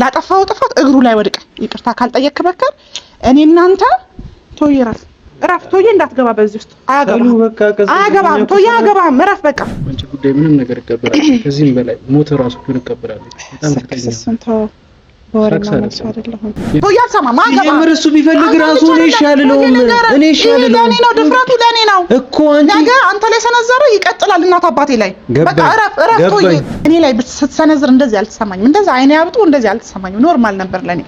ላጠፋው ጥፋት እግሩ ላይ ወድቀ ይቅርታ ካልጠየቅ በከር እኔ እናንተ ቶይ ራስ እረፍ። ቶዬ እንዳትገባ በዚህ ውስጥ አያገባም። ቶዬ አያገባም። እረፍ በቃ አንቺ ጉዳይ ምንም ነገር እቀበላለሁ። ከዚህም በላይ ሞት ራሱ እኮ በጣም በጣም የምር እሱ ቢፈልግ ራሱ እኔ እሺ አልለውም። እኔ እሺ አልለውም ነው፣ ድፍረቱ ለእኔ ነው እኮ ነገ አንተ ላይ ሰነዘረው ይቀጥላል። እናት አባቴ ላይ በቃ እረፍ እረፍ። እኔ ላይ ስትሰነዝር እንደዚህ አልተሰማኝም፣ እንደዚህ አይኔ አብጡ እንደዚህ አልተሰማኝም። ኖርማል ነበር ለእኔ።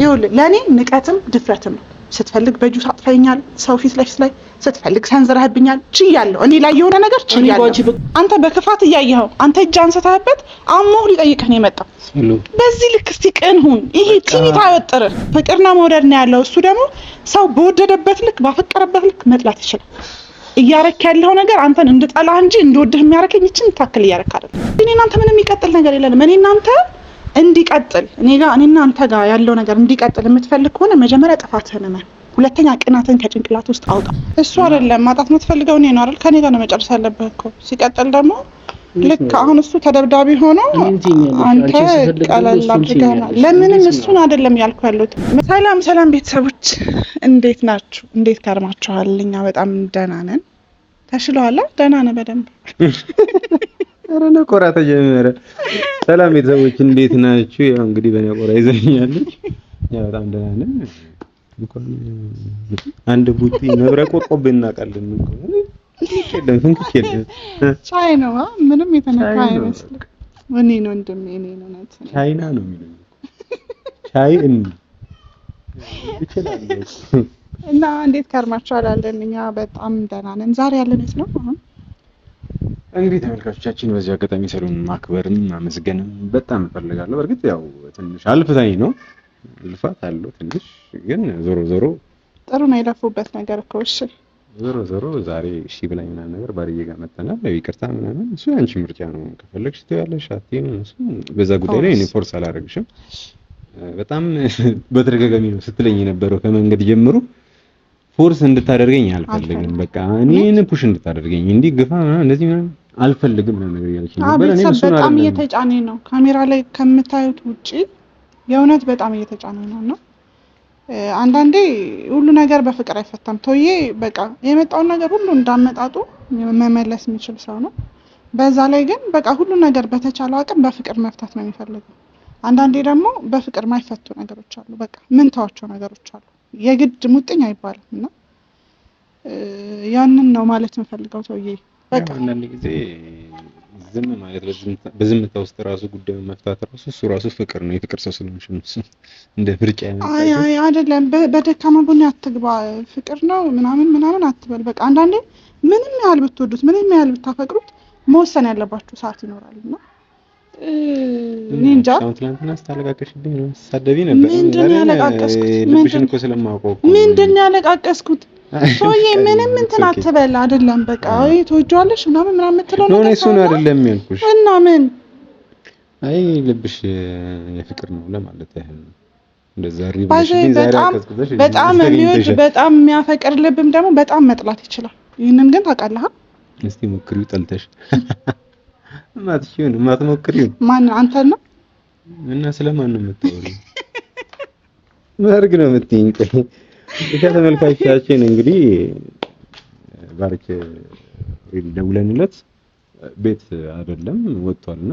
ይኸውልህ ለእኔ ንቀትም ድፍረትም ነው። ስትፈልግ በእጁ ታጥፈኛል ሰው ፊት ለፊት ላይ ስትፈልግ ሰንዝረህብኛል፣ ችያለሁ። እኔ ላይ የሆነ ነገር ችያለሁ። አንተ በክፋት እያየኸው አንተ እጅ አንስተህበት አሞህ ሊጠይቅህ ነው የመጣው። በዚህ ልክ እስቲ ቅን ሁን። ይሄ ቲኒት አይወጥርህ። ፍቅርና መውደድ ነው ያለው። እሱ ደግሞ ሰው በወደደበት ልክ ባፈቀረበት ልክ መጥላት ይችላል። እያረክ ያለው ነገር አንተን እንድጠላህ እንጂ እንድወድህ የሚያረከኝ ይችን ታክል እያረክ አይደለም። እኔ እናንተ ምንም የሚቀጥል ነገር የለንም። እኔ እናንተ እንዲቀጥል እኔ ጋር እኔ እናንተ ጋር ያለው ነገር እንዲቀጥል የምትፈልግ ከሆነ መጀመሪያ ጥፋትህን እመን። ሁለተኛ ቅናትን ከጭንቅላት ውስጥ አውጣ። እሱ አይደለም ማጣት የምትፈልገው እኔ ነው አይደል? ከኔ ጋር ነው መጨረስ ያለብህ እኮ። ሲቀጥል ደግሞ ልክ አሁን እሱ ተደብዳቢ ሆኖ አንተ ቀለል አድርገና ለምንም እሱን አይደለም ያልኩ ያሉት። ሰላም ሰላም ቤተሰቦች እንዴት ናችሁ? እንዴት ከርማችኋል? እኛ በጣም ደህና ነን። ተሽለዋላ? ደህና ነህ በደንብ ኧረ ነው ቆራ ተጀመረ። ሰላም ቤተሰቦች እንዴት ናችሁ? ያው እንግዲህ በእኔ ቆራ ይዘኛለች። በጣም ደህና ነን አንድ ቡቲ መብረቅ ወጥቆብህ እናውቃለን። የለም ፍንክች የለም። ቻይ ነው ምንም የተነካ አይመስልም። ነው እንደም እኔ ነው እውነት ቻይና ነው የሚለው ቻይ እና እንዴት ከርማችኋል? አለን እኛ በጣም ደህና ነን። ዛሬ ያለንስ ነው አሁን? እንግዲህ ተመልካቾቻችን በዚህ አጋጣሚ ሰሉን ማክበርም አመስገንም በጣም እፈልጋለሁ። በእርግጥ ያው ትንሽ አልፍታኝ ነው ልፋት አለው ትንሽ፣ ግን ዞሮ ዞሮ ጥሩ ነው የለፉበት ነገር እኮ። እሺ ዞሮ ዞሮ ዛሬ እሺ ብላኝ ምናምን ነገር ባልዬ ጋር መጥተናል። ይቅርታ ምናምን እሱ የአንቺ ምርጫ ነው። ከፈለግሽ ትያለሽ አትይም። እሱ በዛ ጉዳይ ላይ እኔ ፎርስ አላደርግሽም። በጣም በተደጋጋሚ ነው ስትለኝ የነበረው ከመንገድ ጀምሮ ፎርስ እንድታደርገኝ አልፈልግም። በቃ እኔን ፑሽ እንድታደርገኝ እንዲህ ግፋ እንደዚህ ምናምን አልፈልግም ምናምን ነገር እያለች ነበር። በጣም እየተጫኔ ነው ካሜራ ላይ ከምታዩት ውጪ የእውነት በጣም እየተጫነ ነው እና አንዳንዴ ሁሉ ነገር በፍቅር አይፈታም። ቶዬ በቃ የመጣውን ነገር ሁሉ እንዳመጣጡ መመለስ የሚችል ሰው ነው። በዛ ላይ ግን በቃ ሁሉ ነገር በተቻለው አቅም በፍቅር መፍታት ነው የሚፈልገው። አንዳንዴ ደግሞ በፍቅር ማይፈቱ ነገሮች አሉ። በቃ ምን ተዋቸው ነገሮች አሉ። የግድ ሙጥኝ አይባልም እና ያንን ነው ማለት የምፈልገው ቶዬ በቃ ጊዜ ዝም ማለት በዝምታ ውስጥ ራሱ ጉዳዩ መፍታት ራሱ እሱ ራሱ ፍቅር ነው። የፍቅር ሰው ስለሆንሽ እንደ ፍርጫ አይደለም። በደካማ ጎን አትግባ። ፍቅር ነው ምናምን ምናምን አትበል። በቃ አንዳንዴ ምንም ያህል ብትወዱት ምንም ያህል ብታፈቅሩት መወሰን ያለባችሁ ሰዓት ይኖራል እና ምንድን ያለቃቀስኩት? ልብሽን ሰውዬ ምንም እንትን አትበል። አይደለም በቃ ወይ ትወጂዋለሽ ምናምን ምናምን የምትለው ነገር ነው። እሱን አይደለም ያልኩሽ እና ምን አይ ልብሽ የፍቅር ነው ለማለት ያህል ነው። በጣም የሚወድ በጣም የሚያፈቅር ልብም ደግሞ በጣም መጥላት ይችላል። ይህንን ግን ታውቃለህ። እስቲ ሞክሪው ጠልተሽ ማትሽን ማትሞክሪው ማን አንተ ነው እና ስለማን ነው የምታወሪው? ማርግ ነው የምትይኝ። ብቻ ተመልካቾቻችን እንግዲህ ባርክ ደውለንለት ቤት አይደለም ወጥቷልና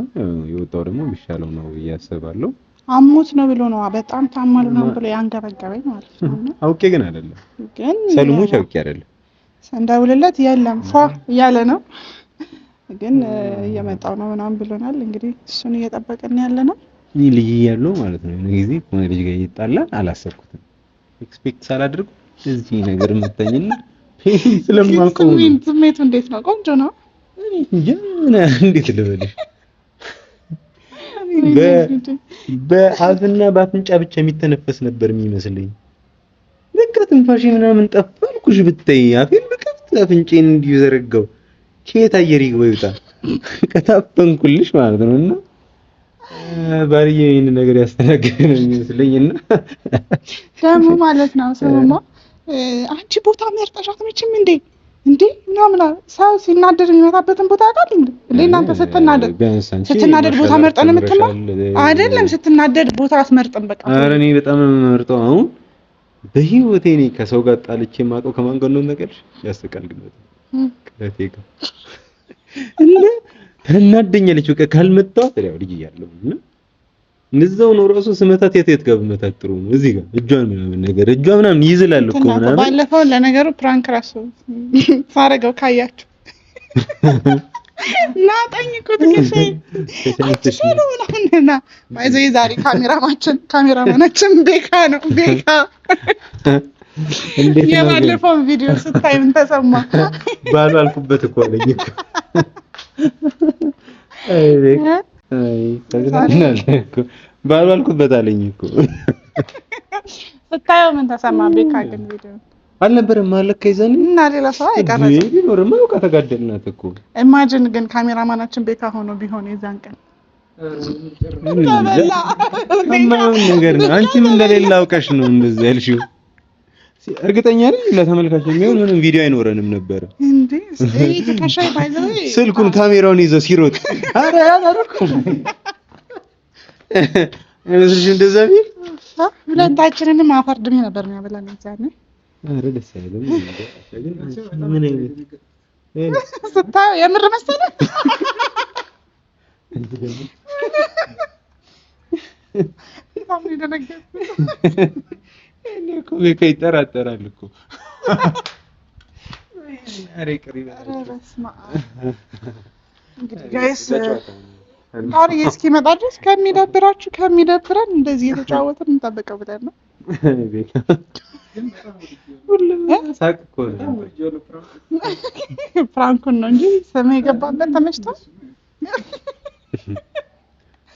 የወጣው ደግሞ ቢሻለው ነው እያስባለሁ። አሞት ነው ብሎ ነው በጣም ታሟል ነው ብሎ ያንገበገበኝ ማለት ነው። አውቄ ግን አይደለም ግን ሰልሙች አውቄ አይደለም። እንደውልለት የለም ፏ እያለ ነው ግን እየመጣው ነው ምናምን ብሎናል። እንግዲህ እሱን እየጠበቅን ያለ ነው። እኔ ልጅ እያለሁ ማለት ነው የሆነ ጊዜ ከሆነ ልጅ ጋር እየጣላን አላሰብኩትም፣ ኤክስፔክት ሳላደርግ እዚህ ነገር መታኝና ስለማውቀው ስሜቱ እንዴት ነው? ቆንጆ ነው። ምን እንዴት ልበልሽ በአፍና በአፍንጫ ብቻ የሚተነፈስ ነበር የሚመስለኝ። ልክ ትንፋሽ ምናምን ጠፋልኩሽ ብታይ አፌን በከፍታ አፍንጬን እንዲዘረጋው ከየት አየር ይግባ ይውጣ ከታፈንኩልሽ ማለት ነው። እና ባልዬ ይህን ነገር ያስተናገደ ነው እና ደግሞ ማለት ነው ስሙማ አንቺ ቦታ መርጠሽ አትመችም እንዴ? እንዴ ምናምን ሰው ሲናደድ የሚመጣበትን ቦታ ያውቃል እንዴ? እንዴ እናንተ ስትናደድ ስትናደድ ቦታ መርጠን የምትለው አይደለም። ስትናደድ ቦታ አስመርጥም በቃ ኧረ እኔ በጣም ነው የምመርጠው። አሁን በህይወቴ እኔ ከሰው ጋር ጣልቼ የማውቀው ከማን ጋር ነው ነገር ያስቀልግበት እና ተናደኛለች። በቃ ካልመጣሁት ያው ልጅ እያለሁ እና እዛው ነው ራሱ ስመታት የት የት ጋር ብመታት ጥሩ ነው። እዚህ ጋር እጇን ምናምን ነገር እጇ ምናምን ይዝላል እኮ ምናምን። ባለፈው ለነገሩ ፕራንክ ራሱ ሳረገው ካያችሁ ላጠኝ እኮ ትንሽ አትሽሉ ምናምንና ማይዘ የዛሬ ካሜራማችን ካሜራማናችን ቤካ ነው ቤካ የባለፈውን ቪዲዮ ስታይ ምን ተሰማ? ባሉ አልኩበት እኮ አለኝ። ባሉ አልኩበት አለኝ እኮ ስታየው ምን ተሰማ? ቤካ ግን ቪዲዮ አልነበረም ማለት ከይዘን እና ሌላ ሰው አይቀርም ቢኖርማ በቃ ተጋደልናት እኮ ኢማጂን። ግን ካሜራማናችን ቤካ ሆኖ ቢሆን የዛን ቀን ምን ነገር ነው። አንቺም እንደሌላ አውቀሽ ነው እንደዚህ ያልሽው እርግጠኛ ነኝ ለተመልካች የሚሆን ምንም ቪዲዮ አይኖረንም ነበረ። ስልኩን ካሜራውን ይዘው ሲሮጥ አረ ያደረኩ አይመስልሽ? እንደዛ ቢል ሁለታችንንም አፈር ድሜ ነበር የሚያበላን። አረ ደስ አይልም። ምን አይነት ስታ የምር መሰለህ ደነገ ቤካ ይጠራጠራል እኮ እስኪመጣ ድረስ ከሚደብራችሁ ከሚደብረን እንደዚህ የተጫወትን እንጠብቀው ብለን ነው። ፍራንኩን ነው እንጂ ስም የገባበት ተመችቷል።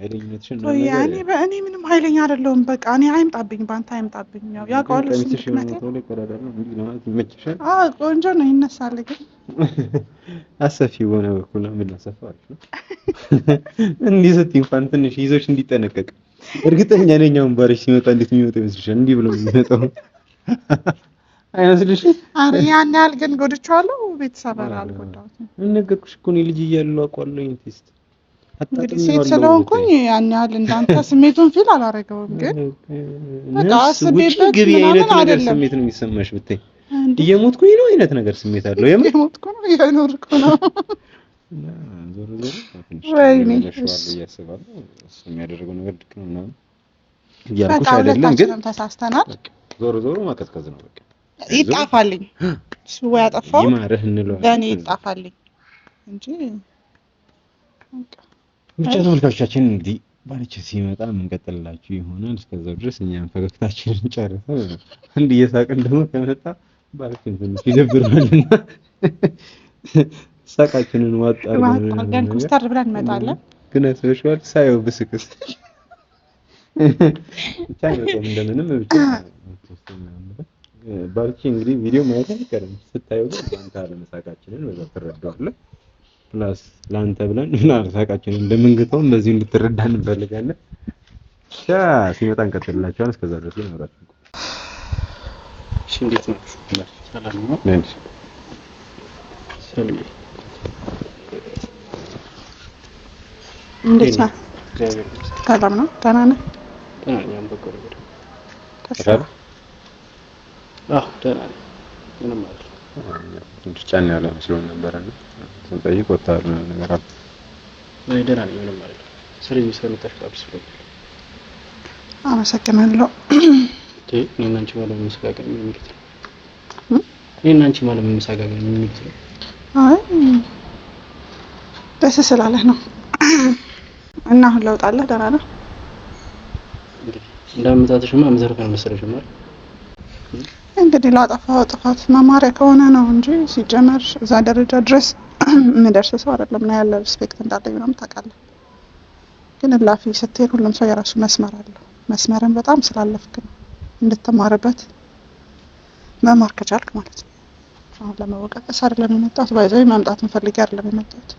ኃይለኝነትሽን ያኔ በእኔ ምንም ኃይለኛ አይደለሁም። በቃ እኔ አይምጣብኝ፣ በአንተ አይምጣብኝ። ያው ያውቀዋል እሱ ምክንያት ቆንጆ ነው ይነሳል። ግን አሰፊ በሆነ በኩል ምን ላሰፋ ነው እንዲህ ስትይ እንኳን ትንሽ ይዞች እንዲጠነቀቅ እርግጠኛ ነኝ። አሁን ባልሽ ሲመጣ እንዴት የሚመጣ ይመስልሻል? እንዲህ ብሎ የሚመጣው አይመስልሽ? ኧረ ያን ያህል ግን ጎድቼዋለሁ። ቤተሰብ አልጎዳሁትም። እኔ ነገርኩሽ እኮ እኔ ልጅ እያለሁ አውቀዋለሁ ቴስት እንግዲህ ሴት ስለሆንኩኝ ያን ያህል እንዳንተ ስሜቱን ፊል አላረገውም፣ ግን በቃ አስቤበት ግቢ ስሜት ነው የሚሰማሽ። ብታይ እየሞትኩኝ ነው አይነት ነገር ስሜት አለው። እየሞትኩ ነው እየኖርኩ ነው። ተሳስተናል። ዞሮ ዞሮ ማቀዝቀዝ ነው በቃ። ይጣፋልኝ እሱ ወይ አጠፋው እንለዋለን። ለእኔ ይጣፋልኝ እንጂ ብቻ ተመልካቾቻችን እንግዲህ ባልቼ ሲመጣ የምንቀጥልላችሁ ይሆናል። እስከዛው ድረስ እኛም ፈገግታችንን ጨርሰን አንድ እየሳቅን ደግሞ ከመጣ ባልቼ ትንሽ ይደብራልና ሳቃችንን ዋጣ ኮስተር ብለን እንመጣለን። ግን ሰዎችዋል ሳየው ብስክስ ብቻ ነው እንደምንም ብቻ ባልቼ እንግዲህ ቪዲዮ ማየት አይቀርም። ስታየው ግን አንተ አለመሳቃችንን በዛ ትረዳዋለህ። ፕላስ ለአንተ ብለን ሳቃችን እንደምንግተውም እንደዚህ እንድትረዳ እንፈልጋለን። ሻ ሲመጣ እንቀጥልላቸዋል። እስከዛ ድረስ ላይ መብራት እንዴት ነው? ሰላም ነው። ነው። ደህና ነህ? ደህና ነኝ። ጫን ያለ መስሎን ነበረ ነው ስንጠይቅ ወታል ነገር አለ። ደህና ነኝ፣ ምንም አይደለም። ስለዚህ ስለመጣሽ በጣም ደስ አመሰግናለሁ። እኔ እና ማለት መመሰጋገን ምን ማለት ነው? እኔ እና አንቺ ማለት መመሰጋገን ምን ማለት ነው? አይ ደስ ስላለህ ነው። እና አሁን ለውጥ አለ? ደህና ነው? እንዳመጣትሽማ መዘርፍ አልመሰለሽም ማለት እንግዲህ ላጠፋው ጥፋት መማሪያ ከሆነ ነው እንጂ ሲጀመር እዛ ደረጃ ድረስ የምደርስ ሰው አይደለም እና ያለ ሪስፔክት እንዳለኝ ምናምን ታውቃለህ። ግን እላፊ ስትሄድ ሁሉም ሰው የራሱ መስመር አለው። መስመርን በጣም ስላለፍክ ነው እንድትማርበት መማር ከቻልክ ማለት ነው። አሁን ለመወቃቀስ አይደለም የመጣሁት፣ ባይዘ መምጣትን ፈልጌ አይደለም የመጣሁት።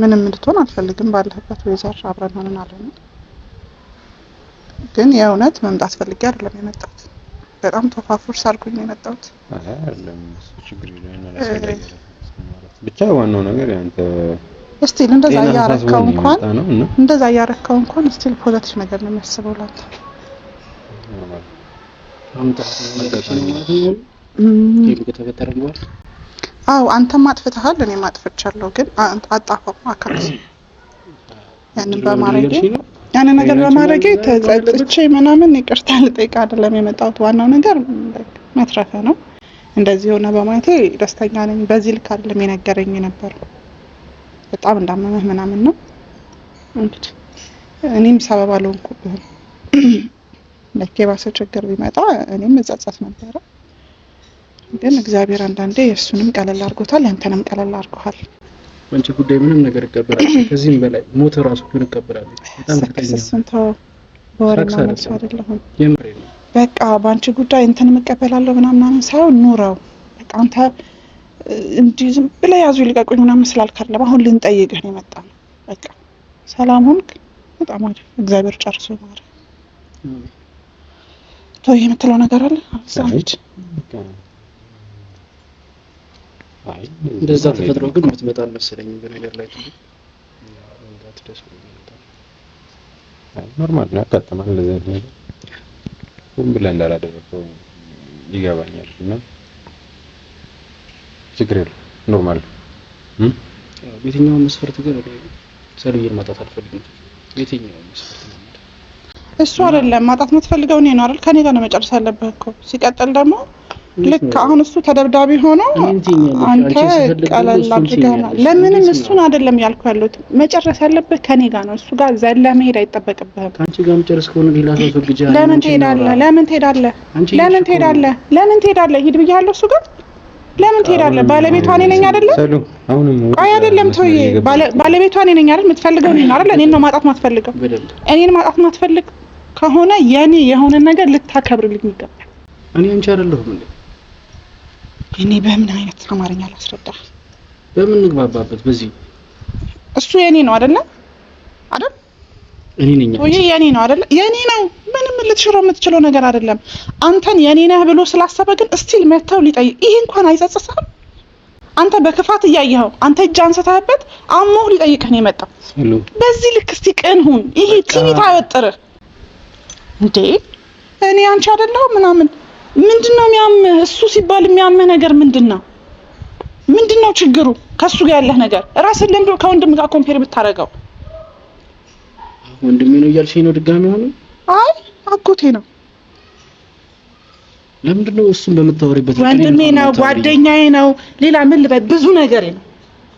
ምንም እንድትሆን አልፈልግም። ባለህበት ወይዘር አብረን ሆነን አለ ግን የእውነት መምጣት ፈልጌ አይደለም የመጣሁት። በጣም ተፋፉር ሳልኩኝ አድርጎኝ የመጣሁት ብቻ ዋናው ነገር ያንተ ስቲል እንደዛ እያረካው እንኳን እንደዛ እያረካው እንኳን ስቲል ፖዘቲቭ ነገር ነው የሚያስበው ላንተ። አው አንተም አጥፍተሃል፣ እኔም አጥፍቻለሁ። ግን አጣፋው አካል ያንን በማድረግ ያን ነገር በማድረጌ ተጸጽቼ ምናምን ይቅርታ ልጠይቅ አይደለም የመጣሁት። ዋናው ነገር መትረፈ ነው። እንደዚህ የሆነ በማለቴ ደስተኛ ነኝ። በዚህ ልክ አይደለም የነገረኝ የነበረው በጣም እንዳመመህ ምናምን ነው። እኔም ሰበብ አልሆንኩብህም። ለኬ ባሰ ችግር ቢመጣ እኔም መጸጸት ነበረ። ግን እግዚአብሔር አንዳንዴ የእሱንም ቀለል አድርጎታል፣ ያንተንም ቀለል አድርጎሃል። በአንቺ ጉዳይ ምንም ነገር እቀበላለሁ፣ ከዚህም በላይ ሞት ራሱ ግን እቀበላለሁ። በጣም በቃ በአንቺ ጉዳይ እንትን እቀበላለሁ ምናምን ምናምን ሳይሆን ኑረው በቃ አንተ እንዲህ ዝም ብለህ ያዙ ይልቀቁኝ ምናምን ስላልክ አሁን ልንጠይቅህ ነው የመጣ ነው። በቃ ሰላም ሆንክ፣ በጣም አሪፍ። እግዚአብሔር ጨርሶ ማረ። ቶ የምትለው ነገር አለ አብዛኞች እንደዛ ተፈጥሮ ግን የምትመጣ በነገር ላይ ኖርማል ነው፣ ያጋጥማል። እንደዚህ ነገር እንዳላደረገው ይገባኛል እና ችግር ኖርማል ነው። የትኛውን መስፈርት ግን ሰልዬን ማጣት አልፈልግም። የትኛውን መስፈርት ነው እሱ አይደለም ማጣት የምትፈልገው እኔ ነው አይደል? ከኔ ጋር ነው መጨረስ ያለብህ እኮ ሲቀጥል ደግሞ ልክ አሁን እሱ ተደብዳቢ ሆኖ አንተ ቀለል አድርገህና ለምንም እሱን አይደለም ያልኩ ያለሁት መጨረስ ያለብህ ከኔ ጋር ነው። እሱ ጋር ዘለህ መሄድ አይጠበቅብህም። አንቺ ጋር መጨረስ ከሆነ ሌላ ሰው ፈልጊ። ለምን ትሄዳለህ? ለምን ትሄዳለህ? ለምን ትሄዳለህ? ለምን ትሄዳለህ? ሂድ ብያለሁ እሱ ጋር ለምን ትሄዳለህ? ባለቤቷ እኔ ነኝ አይደለ? ቆይ አይደለም ተውዬ፣ ባለቤቷ እኔ ነኝ አይደል? የምትፈልገው እኔን አይደል? እኔን ነው ማጣት ማትፈልገው። እኔን ማጣት ማትፈልግ ከሆነ የኔ የሆነ ነገር ልታከብርልኝ ይገባል። እኔ አንቺ አይደለሁም እንዴ? እኔ በምን አይነት አማርኛ ላስረዳ? በምን ንግባባበት? በዚህ እሱ የኔ ነው አይደለ? አይደል? እኔ ነኝ ወይ የኔ ነው አይደለ? የኔ ነው። ምንም ልትሽረው የምትችለው ነገር አይደለም። አንተን የኔ ነህ ብሎ ስላሰበ ግን እስቲል መተው ሊጠይቅ ይሄ እንኳን አይጸጽስህም? አንተ በክፋት እያየኸው አንተ እጅ አንስተህበት አሞህ ሊጠይቅህ ነው የመጣው። በዚህ ልክ እስቲ ቅን ሁን። ይሄ ቲቪ ታወጥርህ እንዴ? እኔ አንቺ አይደለሁ ምናምን ምንድን ነው የሚያምህ? እሱ ሲባል የሚያመ ነገር ምንድን ነው? ምንድን ነው ችግሩ? ከእሱ ጋር ያለህ ነገር ራስህን ለምዶ ከወንድም ጋር ኮምፔር ብታደርገው ወንድሜ ነው እያልሽኝ ነው? ድጋሚ ሆነ? አይ አጎቴ ነው። ለምንድን ነው እሱን በምታወሪበት? ወንድሜ ነው፣ ጓደኛዬ ነው። ሌላ ምን ልበል? ብዙ ነገር ነው።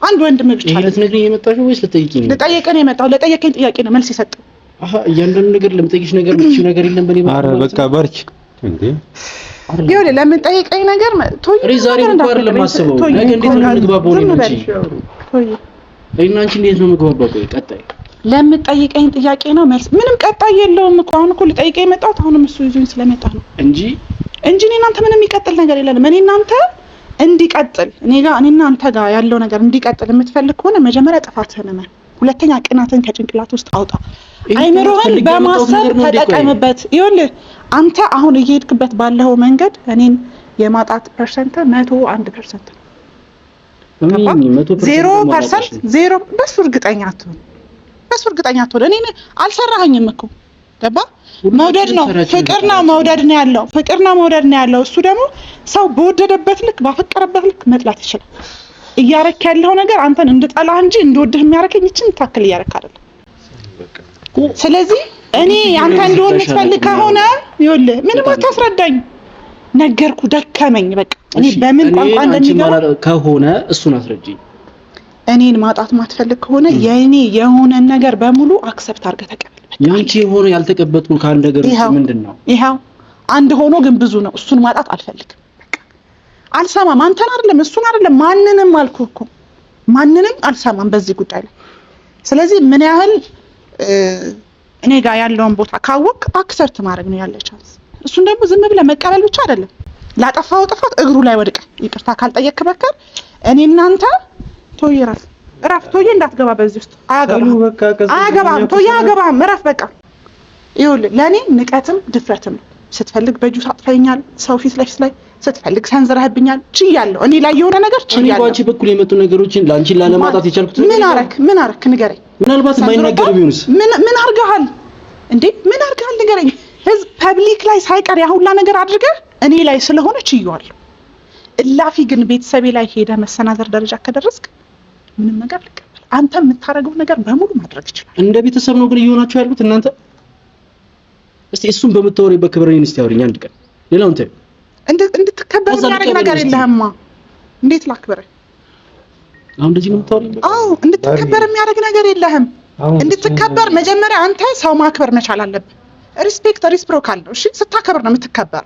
አንድ ወንድም ብቻ ነው። ልትነግሪኝ የመጣሽው ወይስ ልጠይቂኝ? ልጠየቅህ ነው የመጣሁት። ለጠየቀኝ ጥያቄ ነው መልስ የሰጠው። አሃ እያንዳንዱ ነገር ለምጠይቅሽ ነገር ብቻ ነገር የለም በኔ። ኧረ በቃ ባርች እንዴ ለምን ጠይቀኝ ነገር ቶይ ዛሬ እንኳን ለማስበው ነገ እንዴት ነው የምግባባው? ነው እንጂ እኔና አንቺ እንዴት ነው የምግባባው? ቀጣይ ለምን ጠይቀኝ ጥያቄ ነው መልስ ምንም ቀጣይ የለውም እኮ አሁን እኮ ልጠይቀኝ የመጣሁት አሁንም እሱ ይዞኝ ስለመጣ ነው እንጂ እንጂ እኔ እናንተ ምንም ይቀጥል ነገር የለንም። እኔ እናንተ እንዲቀጥል እኔ ጋር እኔ እናንተ ጋር ያለው ነገር እንዲቀጥል የምትፈልግ ከሆነ መጀመሪያ ጥፋትህን እመን፣ ሁለተኛ ቅናትን ከጭንቅላት ውስጥ አውጣ፣ አይምሮህን በማሰብ ተጠቀምበት። ይኸውልህ አንተ አሁን እየሄድክበት ባለው መንገድ እኔን የማጣት ፐርሰንት መቶ አንድ ፐርሰንት ነው። ዜሮ ፐርሰንት ዜሮ። በሱ እርግጠኛ አትሆን፣ በሱ እርግጠኛ አትሆን። እኔ አልሰራኸኝም እኮ ገባ። መውደድ ነው ፍቅር ነው መውደድ ነው ያለው ፍቅር ነው መውደድ ነው ያለው። እሱ ደግሞ ሰው በወደደበት ልክ ባፈቀረበት ልክ መጥላት ይችላል። እያረክ ያለው ነገር አንተን እንድጠላህ እንጂ እንድወድህ የሚያረከኝ ይችን ታክል እያረክ አይደለም። ስለዚህ እኔ አንተ እንደሆነ የምትፈልግ ከሆነ ይኸውልህ ምንም አታስረዳኝ። ነገርኩ፣ ደከመኝ። በቃ እኔ በምን ቋንቋ እንደሚገባ ከሆነ እሱን አስረጅኝ። እኔን ማጣት ማትፈልግ ከሆነ የእኔ የሆነን ነገር በሙሉ አክሰፕት አድርገህ ተቀበል። ያንቺ የሆነ ያልተቀበጥኩ ከአንድ ነገር ምንድን ነው? ይኸው አንድ ሆኖ ግን ብዙ ነው። እሱን ማጣት አልፈልግም። አልሰማም። አንተን አይደለም እሱን አይደለም ማንንም አልኩህ እኮ ማንንም አልሰማም በዚህ ጉዳይ ላይ። ስለዚህ ምን ያህል እኔ ጋር ያለውን ቦታ ካወቅ አክሰርት ማድረግ ነው ያለ ቻንስ። እሱን ደግሞ ዝም ብለህ መቀበል ብቻ አይደለም። ላጠፋው ጥፋት እግሩ ላይ ወድቀ ይቅርታ ካልጠየክ በከር እኔ እናንተ ቶዬ እረፍ እረፍ፣ ቶዬ እንዳትገባ በዚህ ውስጥ አያገባም፣ ቶዬ አያገባም፣ እረፍ በቃ። ይኸውልህ ለእኔ ንቀትም ድፍረትም ነው። ስትፈልግ በእጁ ታጥፈኛል ሰው ፊት ለፊት ላይ ስትፈልግ ሰንዝረህብኛል ችያለሁ። እኔ ላይ የሆነ ነገር ችያለሁ። በአንቺ በኩል የመጡ ነገሮችን ለአንቺ ላለማጣት የቻልኩት ምን አረክ ምን አረክ ንገረኝ። ምናልባት የማይናገር ቢሆንስ ምን ምን አርገሃል እንዴ? ምን አርገሃል ንገረኝ። ህዝብ ፐብሊክ ላይ ሳይቀር ያሁላ ነገር አድርገህ እኔ ላይ ስለሆነ ችያለሁ። እላፊ ግን ቤተሰቤ ላይ ሄደ መሰናዘር ደረጃ ከደረስክ ምንም ነገር ልቀበል። አንተ የምታደርገው ነገር በሙሉ ማድረግ ይችላል። እንደ ቤተሰብ ነው ግን እየሆናችሁ ያሉት እናንተ። እስቲ እሱን በምታወሪበት ክብር እኔን እስቲ አውሪኝ አንድ ቀን ሌላውን እንድትከበር የሚያደርግ ነገር የለህማ። እንዴት ላክብርህ? አሁን እንደዚህ ነው የምታወሪኝ? አዎ እንድትከበር የሚያደርግ ነገር የለህም። እንድትከበር መጀመሪያ አንተ ሰው ማክበር መቻል አለብህ። ሪስፔክት ሪስፕሮካል ነው። እሺ ስታከብር ነው የምትከበር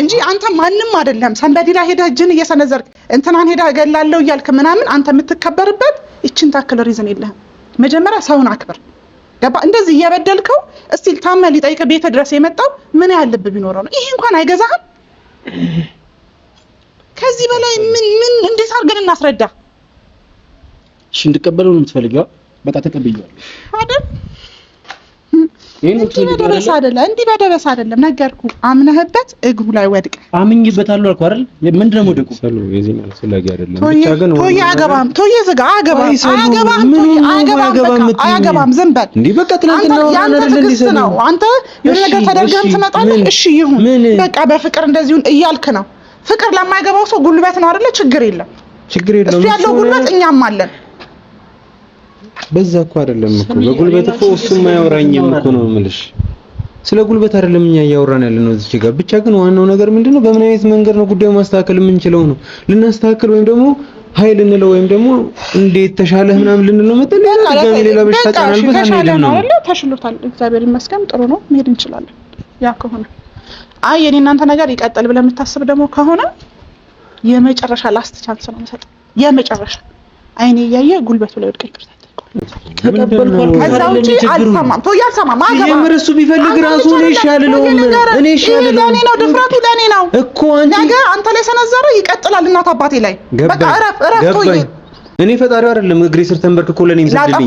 እንጂ አንተ ማንም አይደለም። ሰንበዲ ላይ ሄደህ እጅን እየሰነዘርክ እንትናን ሄደህ እገላለሁ እያልክ ምናምን አንተ የምትከበርበት ይችን ታክል ሪዝን የለህም። መጀመሪያ ሰውን አክብር። ገባ እንደዚህ እየበደልከው እስቲል ታመ ሊጠይቅ ቤት ድረስ የመጣው ምን ያህል ልብ ቢኖረው ነው? ይሄ እንኳን አይገዛህም። ከዚህ በላይ ምን ምን እንዴት አድርገን እናስረዳ? እሺ እንድቀበለው ነው የምትፈልገው? በቃ ተቀብያለሁ አይደል እንዲህ በደረሰ አይደለም እንዲህ በደረሰ አይደለም ነገርኩ። አምነህበት እግሩ ላይ ወድቀህ አምኜበታለሁ አልኩህ አይደል? ምንድን ነው ወደቁ ሰሉ የዚህ ነው ስለዚህ አይደለም ብቻ ግን ቶዬ አገባም ቶዬ ዝጋ አገባም አገባም አገባም አገባም ዝም በል እንዴ በቃ ትናንትና ነው አይደል? ነው። አንተ የሆነ ነገር ተደርገህም ትመጣለህ። እሺ ይሁን በቃ በፍቅር እንደዚሁን እያልክ ነው። ፍቅር ለማይገባው ሰው ጉልበት ነው አይደለ? ችግር የለም ችግር የለም እሱ ያለው ጉልበት እኛም አለን። በዛ እኮ አይደለም እኮ በጉልበት እኮ እሱም አያወራኝም እኮ ነው የምልሽ። ስለ ጉልበት አይደለም እኛ እያወራን ያለ ነው እዚህ ጋር። ብቻ ግን ዋናው ነገር ምንድነው፣ በምን አይነት መንገድ ነው ጉዳዩ ማስተካከል የምንችለው ነው። ልናስተካከል ወይም ደግሞ ኃይል እንለው ወይም ደግሞ እንዴት ተሻለህ ምናምን ልንለው መጠን ሌላ በሽታ ጫናልበት አንሄድም ነው አይደል? ተሽሎታል፣ እግዚአብሔር ይመስገን፣ ጥሩ ነው፣ መሄድ እንችላለን። ያ ከሆነ አይ የኔ እናንተ ነገር ይቀጥል ብለህ የምታስብ ደግሞ ከሆነ የመጨረሻ ላስት ቻንስ ነው የምሰጠው። የመጨረሻ አይኔ እያየ ጉልበቱ ላይ ወድቀ ይቅርታ ከዛ እሱ ቢፈልግ ራሱ እኔ እሺ አልለውም። እኔ እሺ አልለውም። ነው ድፍረቱ፣ ነው እኮ። ነገ አንተ ላይ ሰነዘረ ይቀጥላል። እናት አባቴ ላይ በቃ እረፍ፣ እረፍ እኔ ፈጣሪው አይደለም እግሬ ስር ተንበርክኮ ለኔ የሚሰድልኝ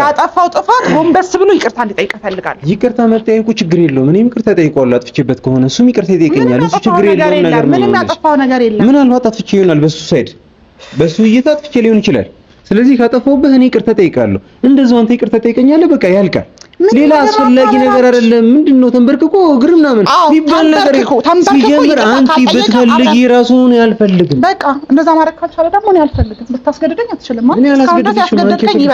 ላጠፋው ጥፋት ጎንበስ ብሎ ይቅርታ እንዲጠይቅ እፈልጋለሁ። ይቅርታ መጠየቁ ችግር የለውም። እኔም ይቅርታ ጠይቀዋለሁ አጥፍቼበት ከሆነ እሱም ይቅርታ ይጠይቀኛል። እሱ ችግር የለውም። ነገር ምንም ያጠፋው ነገር የለም። ምናልባት አጥፍቼ ይሆናል በሱ ሳይድ በሱ እይታ አጥፍቼ ሊሆን ይችላል ስለዚህ ካጠፋሁብህ እኔ ይቅርታ ጠይቃለሁ። እንደዛው አንተ ይቅርታ ጠይቀኛለህ። በቃ ያልቃል። ሌላ አስፈላጊ ነገር አይደለም። ምንድነው ተንበርክኮ እግር ምናምን ቢባል ነገር ሲጀምር አንቺ ብትፈልጊ ራሱን አልፈልግም። በቃ እንደዛ ማድረግ ካልቻለ ደግሞ እኔ አልፈልግም። ብታስገድደኝ አትችልም ማለት ነው። አንቺ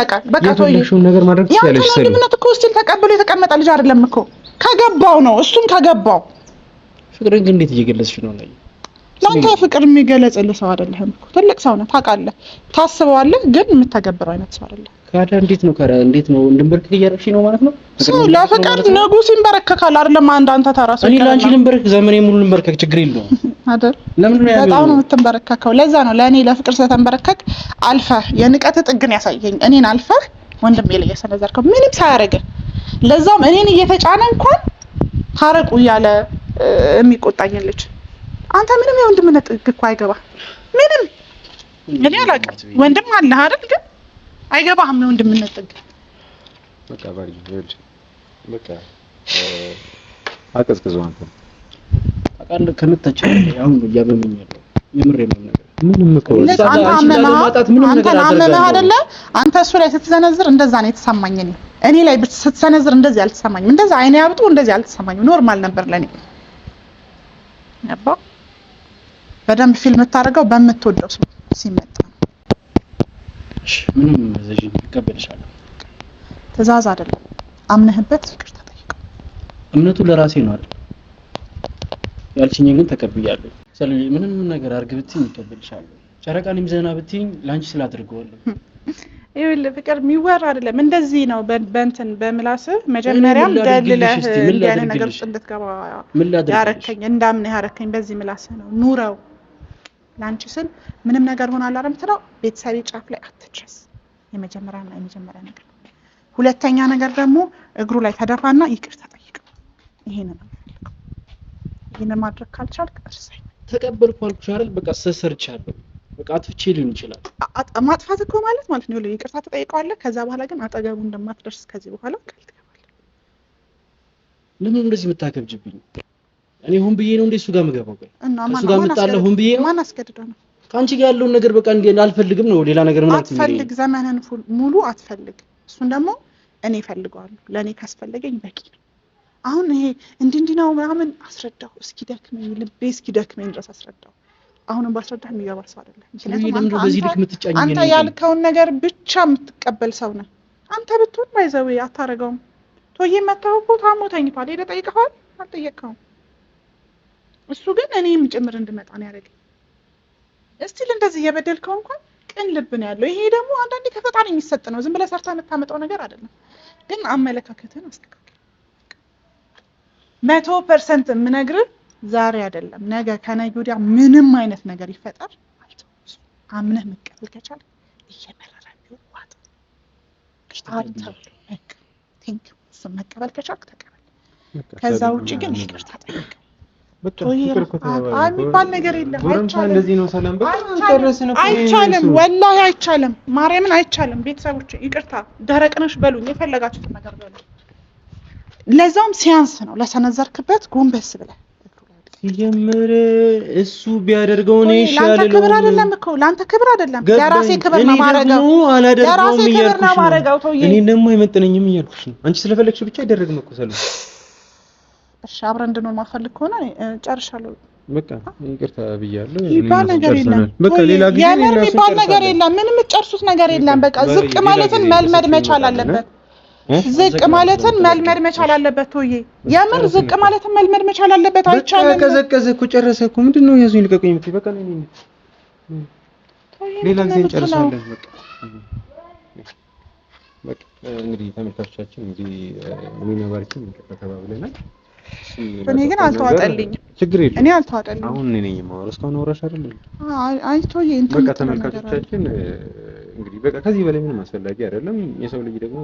በቃ በቃ ተወው። ነገር ማድረግ ትችያለሽ። ሰሪ ምንም እኮ ስቲል ተቀብሎ የተቀመጠ ልጅ አይደለም እኮ ከገባው ነው። እሱም ከገባው ፍቅርን ግን እንዴት እየገለጽሽ ነው? ለአንተ ፍቅር የሚገለጽልህ ሰው አይደለህም። እኮ ትልቅ ሰው ነህ፣ ታውቃለህ፣ ታስበዋለህ፣ ግን የምታገብረው አይነት ሰው አይደለህ። ካዳ እንዴት ነው ካዳ እንዴት ነው እንድንበርክ እያደረግሽኝ ነው ማለት ነው። ሰው ለፍቅር ንጉስ ይንበረከካል አይደለም። አንድ አንተ ተራሱ እኔ ለአንቺ ልንበረክ ዘመኔ ሙሉ ልንበረከክ ችግር የለውም አይደል? ለምን ነው በጣም ነው የምትንበረከከው። ለዛ ነው ለእኔ ለፍቅር ስለተንበረከክ አልፈህ የንቀት ጥግን ያሳየኝ እኔን አልፈህ ወንድሜ ላይ የሰነዘርከው ምንም ሳያደርግህ ለዛውም እኔን እየተጫነ እንኳን ታረቁ እያለ የሚቆጣኝ ልጅ አንተ ምንም የወንድምነት ጥግ እኮ አይገባ ምንም። እኔ አላውቅም፣ ወንድም አለ አይደል? ግን አይገባህም የወንድምነት ጥግ። በቃ ባሪ ልጅ በቃ አቀዝቅዞ አንተ አቃለ ከመታቸው አሁን እያመመኝ ያለው የምሬ ነው ነገር ምንም እኮ አንተ አመመህ አይደለ? አንተ እሱ ላይ ስትሰነዝር እንደዛ ነው የተሰማኝ እኔ እኔ ላይ ስትሰነዝር እንደዚህ አልተሰማኝም። እንደዛ አይኔ ያብጡ እንደዚህ አልተሰማኝም። ኖርማል ነበር ለኔ ያባ በደንብ ፊል የምታደርገው በምትወደው ሲመጣ ነው። ምንም ዘዥን ይቀበልሻለሁ። ትእዛዝ አይደለም፣ አምነህበት ይቅርታ ጠይቀው። እምነቱ ለራሴ ነው አይደል? ያልችኝ ግን ተቀብያለሁ። ስለዚህ ምንም ነገር አድርግ ብትይኝ ይቀበልሻለሁ። ጨረቃን የሚዘና ብትይኝ ለአንቺ ስላደርገዋለሁ። ይኸውልህ ፍቅር የሚወራ አይደለም፣ እንደዚህ ነው። በእንትን በምላስህ መጀመሪያም ደልለህ እንዲህ ዓይነት ነገር ውስጥ እንድትገባ ያረከኝ እንዳምን ያረከኝ በዚህ ምላስህ ነው ኑረው ለአንቺ ስል ምንም ነገር ሆናለሁ አይደል የምትለው ቤተሰቤ ጫፍ ላይ አትድረስ። የመጀመሪያና የመጀመሪያ ነገር። ሁለተኛ ነገር ደግሞ እግሩ ላይ ተደፋና ይቅርታ ጠይቅ። ይሄን ነው ይሄንን ማድረግ ካልቻልክ እርሳይ። ተቀበልኩ አልኩሽ አይደል በቃ ሰሰርቻለሁ በቃ አጥፍቼ ሊሆን ይችላል። ማጥፋት እኮ ማለት ማለት ነው ይቅርታ ትጠይቀዋለህ። ከዛ በኋላ ግን አጠገቡ እንደማትደርስ ከዚህ በኋላ ቃል ትገባለህ። ለምን እንደዚህ የምታከብጅብኝ? እኔ ሁን ብዬ ነው እንዴ እሱ ጋር የምገባው። እሱ ጋር የምጣለው ሁን ብዬ ማን አስገድዶ ነው? ከአንቺ ጋር ያለውን ነገር በቃ እንዴ አልፈልግም ነው። ሌላ ነገር ምን አትፈልግ፣ አትፈልግ፣ ዘመንን ሙሉ አትፈልግ። እሱን ደግሞ እኔ እፈልገዋለሁ። ለእኔ ካስፈለገኝ በቂ ነው። አሁን ይሄ እንዲህ እንዲህ ነው ምናምን አስረዳሁ። እስኪ ደክመኝ፣ ልቤ እስኪ ደክመኝ ድረስ አስረዳው። አሁንም ባስረዳህ የሚገባ ሰው አይደለም። ምክንያቱም አንተ ያልከውን ነገር ብቻ የምትቀበል ሰው ነህ። አንተ ብትሆን ባይዘዌ አታረገውም። ቶዬ መታወቁ ታሞ ተኝቷል። ሄደህ ጠይቀኸዋል? አልጠየቅኸውም። እሱ ግን እኔም ጭምር እንድመጣ ነው ያደረገኝ። እስቲል እንደዚህ እየበደልከው እንኳን ቅን ልብ ነው ያለው። ይሄ ደግሞ አንዳንዴ ከፈጣሪ የሚሰጥ ነው፣ ዝም ብለህ ሰርታ የምታመጣው ነገር አይደለም። ግን አመለካከትን አስተካክል። መቶ ፐርሰንት የምነግርህ ዛሬ አይደለም ነገ ከነገ ወዲያ ምንም አይነት ነገር ይፈጠር አምነህ መቀበል ከቻልክ እየመረረ ቢዋጥ ዋጥ መቀበል ከቻልክ ተቀበል። ከዛ ውጭ ግን ይቅርታ ጠይቅ። የሚባል ነገር የለም። አይቻልም፣ ወላሂ አይቻልም፣ ማርያምን አይቻልም። ቤተሰቦች ይቅርታ ደረቅነሽ በሉኝ፣ የፈለጋችሁትን ነገር በሉኝ። ለዛውም ሲያንስ ነው ለሰነዘርክበት ጎንበስ ብለህ ሲጀምር እሱ ቢያደርገው ነው ይሻላል። ለአንተ ክብር አይደለም እኮ ለአንተ ክብር አይደለም፣ ለራሴ ክብር ነው ማረጋው። ለራሴ ክብር ነው ማረጋው። ተውዬ እኔ ደግሞ አይመጥነኝም እያልኩሽ ነው። አንቺ ስለፈለግሽ ብቻ አይደረግም እኮ ሰለሞን እሺ አብረን እንድኖር ማፈልግ ከሆነ ጨርሻለሁ። በቃ ይቅርታ ብያለሁ። የሚባል ነገር የለም፣ የምር የሚባል ነገር የለም። ምንም የምትጨርሱት ነገር የለም። በቃ ዝቅ ማለትን መልመድ መቻል አለበት። ዝቅ ማለትን መልመድ መቻል አለበት። ቶዬ የምር ዝቅ ማለትን መልመድ መቻል አለበት። አይቻልም። ከዘቀዘ እኮ ጨረሰ እኮ ምንድን ነው ያዙኝ፣ ልቀቁኝ። በቃ ሌላ ጊዜ እንጨርሳለን። በቃ በቃ እንግዲህ ተመልካቾቻችን እንግዲህ እኔና ባርኪ ከተባብለናል። እኔ ግን አልተዋጠልኝም። ችግር የለም። እኔ አልተዋጠልኝም። አሁን እኔ ነኝ የማወራው። እስካሁን አውራሽ አይደል? አይቶዬ እንትን በቃ ተመልካቾቻችን እንግዲህ በቃ ከዚህ በላይ ምንም አስፈላጊ አይደለም። የሰው ልጅ ደግሞ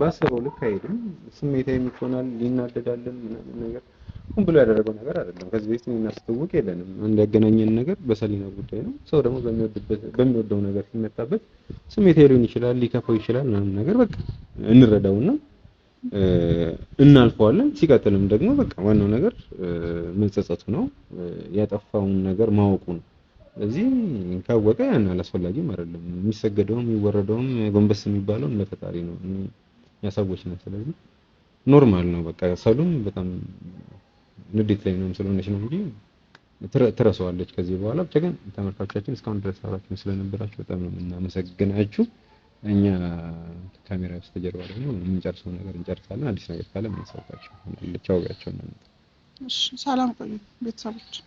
ባሰበው ልክ አይሄድም። ስሜታ የሚሆናል ሊናደዳለን ምናምን ነገር ሁን ብሎ ያደረገው ነገር አይደለም። ከዚህ በፊት የሚያስተውቅ የለንም። አንድ ያገናኘን ነገር በሰሊና ጉዳይ ነው። ሰው ደግሞ በሚወደው ነገር ሲመጣበት ስሜታ ሊሆን ይችላል፣ ሊከፋው ይችላል ምናምን ነገር በቃ እንረዳውና እናልፈዋለን። ሲቀጥልም ደግሞ በቃ ዋናው ነገር መጸጸቱ ነው፣ ያጠፋውን ነገር ማወቁ ነው። ስለዚህ ካወቀ ያን አላስፈላጊም አይደለም። የሚሰገደውም የሚወረደውም ጎንበስ የሚባለውም ለፈጣሪ ነው፣ እኛ ሰዎች ነን። ስለዚህ ኖርማል ነው። በቃ ሰሉም በጣም ንዴት ላይ ነው ስለሆነች ነው እንጂ ትረሰዋለች ከዚህ በኋላ ብቻ። ግን ተመልካቾቻችን እስካሁን ድረስ አብራችሁን ስለነበራችሁ በጣም ነው የምናመሰግናችሁ። እኛ ካሜራ በስተጀርባ ደግሞ የምንጨርሰው ነገር እንጨርሳለን። አዲስ ነገር ካለ ምንሰጣቸው ቻው። ሰላም ቆዩ ቤተሰቦች።